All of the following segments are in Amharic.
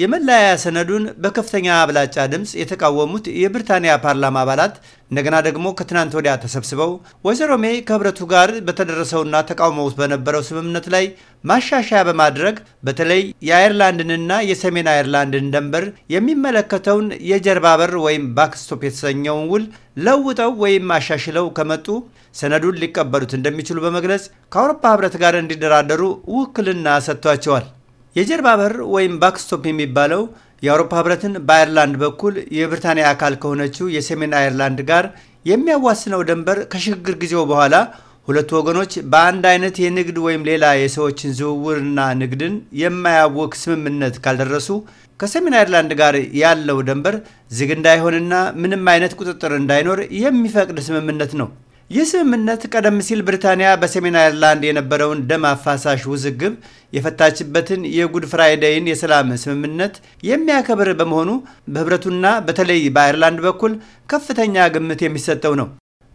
የመለያያ ሰነዱን በከፍተኛ አብላጫ ድምፅ የተቃወሙት የብሪታንያ ፓርላማ አባላት እንደገና ደግሞ ከትናንት ወዲያ ተሰብስበው ወይዘሮ ሜይ ከህብረቱ ጋር በተደረሰውና ተቃውሞው በነበረው ስምምነት ላይ ማሻሻያ በማድረግ በተለይ የአየርላንድንና የሰሜን አየርላንድን ደንበር የሚመለከተውን የጀርባ በር ወይም ባክስቶፕ የተሰኘውን ውል ለውጠው ወይም አሻሽለው ከመጡ ሰነዱን ሊቀበሉት እንደሚችሉ በመግለጽ ከአውሮፓ ህብረት ጋር እንዲደራደሩ ውክልና ሰጥቷቸዋል። የጀርባ በር ወይም ባክስቶፕ የሚባለው የአውሮፓ ህብረትን በአይርላንድ በኩል የብሪታንያ አካል ከሆነችው የሰሜን አይርላንድ ጋር የሚያዋስነው ድንበር ከሽግግር ጊዜው በኋላ ሁለቱ ወገኖች በአንድ አይነት የንግድ ወይም ሌላ የሰዎችን ዝውውርና ንግድን የማያውቅ ስምምነት ካልደረሱ ከሰሜን አይርላንድ ጋር ያለው ድንበር ዝግ እንዳይሆንና ምንም አይነት ቁጥጥር እንዳይኖር የሚፈቅድ ስምምነት ነው። ይህ ስምምነት ቀደም ሲል ብሪታንያ በሰሜን አይርላንድ የነበረውን ደም አፋሳሽ ውዝግብ የፈታችበትን የጉድ ፍራይደይን የሰላም ስምምነት የሚያከብር በመሆኑ በህብረቱና በተለይ በአይርላንድ በኩል ከፍተኛ ግምት የሚሰጠው ነው።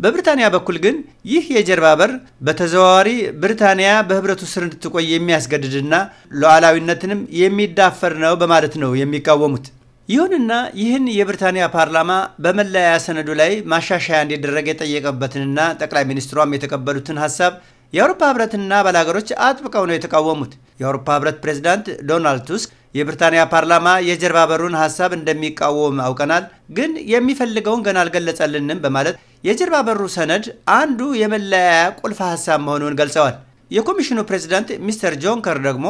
በብሪታንያ በኩል ግን ይህ የጀርባ በር በተዘዋዋሪ ብሪታንያ በህብረቱ ስር እንድትቆይ የሚያስገድድና ሉዓላዊነትንም የሚዳፈር ነው በማለት ነው የሚቃወሙት። ይሁንና ይህን የብሪታንያ ፓርላማ በመለያ ሰነዱ ላይ ማሻሻያ እንዲደረግ የጠየቀበትንና ጠቅላይ ሚኒስትሯም የተቀበሉትን ሀሳብ የአውሮፓ ህብረትና አባል ሀገሮች አጥብቀው ነው የተቃወሙት። የአውሮፓ ህብረት ፕሬዚዳንት ዶናልድ ቱስክ የብሪታንያ ፓርላማ የጀርባ በሩን ሀሳብ እንደሚቃወም አውቀናል፣ ግን የሚፈልገውን ገና አልገለጸልንም በማለት የጀርባ በሩ ሰነድ አንዱ የመለያያ ቁልፍ ሀሳብ መሆኑን ገልጸዋል። የኮሚሽኑ ፕሬዚዳንት ሚስተር ጆንከር ደግሞ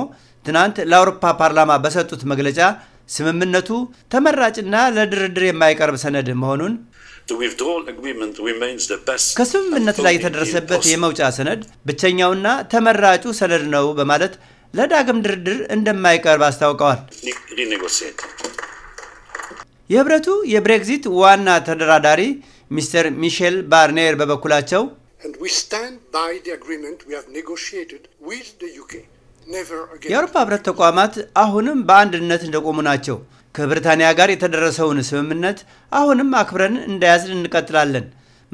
ትናንት ለአውሮፓ ፓርላማ በሰጡት መግለጫ ስምምነቱ ተመራጭና ለድርድር የማይቀርብ ሰነድ መሆኑን ከስምምነት ላይ የተደረሰበት የመውጫ ሰነድ ብቸኛውና ተመራጩ ሰነድ ነው በማለት ለዳግም ድርድር እንደማይቀርብ አስታውቀዋል። የህብረቱ የብሬግዚት ዋና ተደራዳሪ ሚስተር ሚሼል ባርኔር በበኩላቸው የአውሮፓ ህብረት ተቋማት አሁንም በአንድነት እንደቆሙ ናቸው። ከብሪታንያ ጋር የተደረሰውን ስምምነት አሁንም አክብረን እንደያዝን እንቀጥላለን።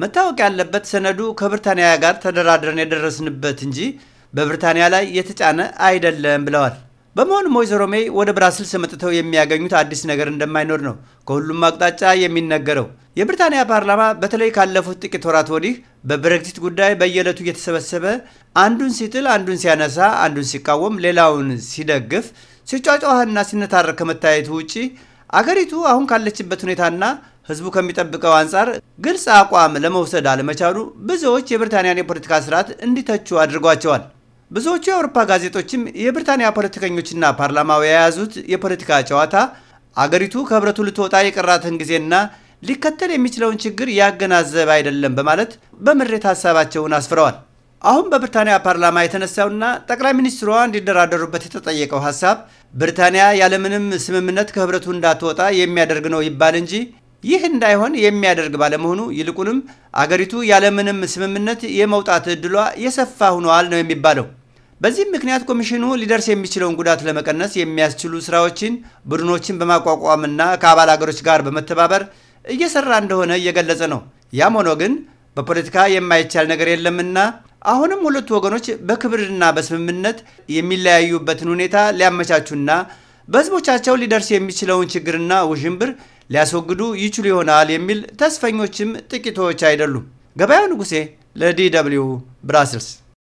መታወቅ ያለበት ሰነዱ ከብሪታንያ ጋር ተደራድረን የደረስንበት እንጂ በብሪታንያ ላይ የተጫነ አይደለም ብለዋል። በመሆኑም ወይዘሮ ሜይ ወደ ብራስልስ መጥተው የሚያገኙት አዲስ ነገር እንደማይኖር ነው ከሁሉም አቅጣጫ የሚነገረው። የብሪታንያ ፓርላማ በተለይ ካለፉት ጥቂት ወራት ወዲህ በብሬግዚት ጉዳይ በየዕለቱ እየተሰበሰበ አንዱን ሲጥል፣ አንዱን ሲያነሳ፣ አንዱን ሲቃወም፣ ሌላውን ሲደግፍ፣ ሲጫጫዋህና ሲነታረክ ከመታየቱ ውጪ አገሪቱ አሁን ካለችበት ሁኔታና ህዝቡ ከሚጠብቀው አንጻር ግልጽ አቋም ለመውሰድ አለመቻሉ ብዙዎች የብሪታንያን የፖለቲካ ስርዓት እንዲተቹ አድርጓቸዋል። ብዙዎቹ የአውሮፓ ጋዜጦችም የብሪታንያ ፖለቲከኞችና ፓርላማው የያዙት የፖለቲካ ጨዋታ አገሪቱ ከህብረቱ ልትወጣ የቀራትን ጊዜና ሊከተል የሚችለውን ችግር ያገናዘበ አይደለም በማለት በምሬት ሀሳባቸውን አስፍረዋል። አሁን በብሪታንያ ፓርላማ የተነሳውና ጠቅላይ ሚኒስትሯ እንዲደራደሩበት የተጠየቀው ሀሳብ ብሪታንያ ያለምንም ስምምነት ከህብረቱ እንዳትወጣ የሚያደርግ ነው ይባል እንጂ ይህ እንዳይሆን የሚያደርግ ባለመሆኑ ይልቁንም አገሪቱ ያለምንም ስምምነት የመውጣት እድሏ የሰፋ ሆኗል ነው የሚባለው። በዚህም ምክንያት ኮሚሽኑ ሊደርስ የሚችለውን ጉዳት ለመቀነስ የሚያስችሉ ስራዎችን ቡድኖችን በማቋቋምና ከአባል አገሮች ጋር በመተባበር እየሰራ እንደሆነ እየገለጸ ነው። ያም ሆኖ ግን በፖለቲካ የማይቻል ነገር የለምና አሁንም ሁለቱ ወገኖች በክብርና በስምምነት የሚለያዩበትን ሁኔታ ሊያመቻቹና በህዝቦቻቸው ሊደርስ የሚችለውን ችግርና ውዥንብር ሊያስወግዱ ይችሉ ይሆናል የሚል ተስፈኞችም ጥቂቶች አይደሉም። ገበያው ንጉሴ ለዲ ደብልዩ ብራስልስ